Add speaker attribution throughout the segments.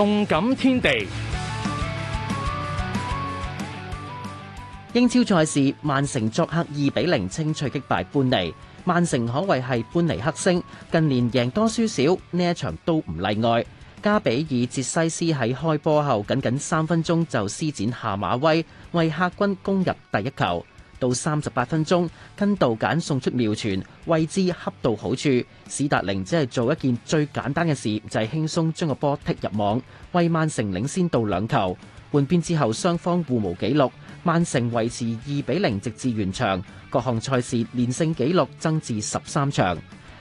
Speaker 1: 動感天地，英超賽事，曼城作客二比零清脆擊敗般尼。曼城可謂係般尼克星，近年贏多輸少，呢一場都唔例外。加比爾捷西斯喺開波後，僅僅三分鐘就施展下馬威，為客軍攻入第一球。到三十八分鐘，跟道簡送出妙傳，位置恰到好處。史達寧只係做一件最簡單嘅事，就係輕鬆將個波踢入網，為曼城領先到兩球。換邊之後，雙方互無紀錄，曼城維持二比零直至完場。各項賽事連勝紀錄增至十三場。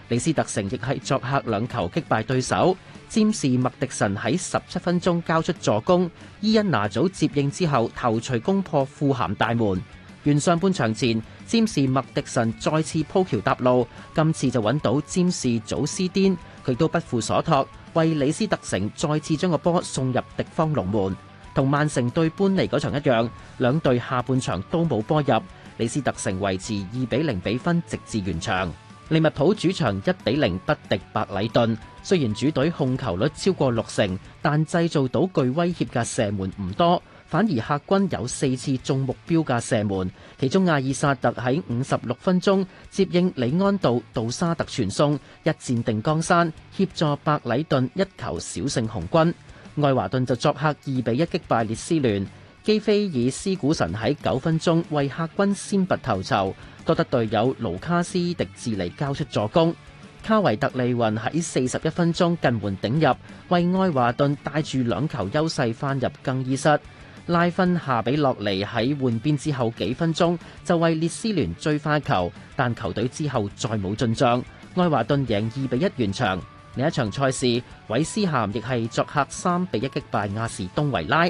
Speaker 1: 李斯特城亦係作客兩球擊敗對手。占士麥迪臣喺十七分鐘交出助攻，伊恩拿祖接應之後頭槌攻破富咸大門。完上半場前，詹士麥迪神再次鋪橋搭路，今次就揾到詹士祖斯甸，佢都不負所託，為李斯特城再次將個波送入敵方龍門。同曼城對般尼嗰場一樣，兩隊下半場都冇波入，李斯特城維持二比零比分直至完場。利物浦主場一比零不敵白禮頓，雖然主隊控球率超過六成，但製造到具威脅嘅射門唔多。反而客軍有四次中目標嘅射門，其中亞爾沙特喺五十六分鐘接應李安道杜沙特傳送，一戰定江山，協助白禮頓一球小勝紅軍。愛華頓就作客二比一擊敗列斯聯，基菲爾斯古神喺九分鐘為客軍先拔頭籌，多得隊友盧卡斯迪智尼交出助攻。卡維特利雲喺四十一分鐘近門頂入，為愛華頓帶住兩球優勢返入更衣室。拉芬夏比洛尼喺換邊之後幾分鐘就為列斯聯追返球，但球隊之後再冇進賬。愛華頓贏二比一完場。另一場賽事，韋斯咸亦係作客三比一擊敗亞士東維拉。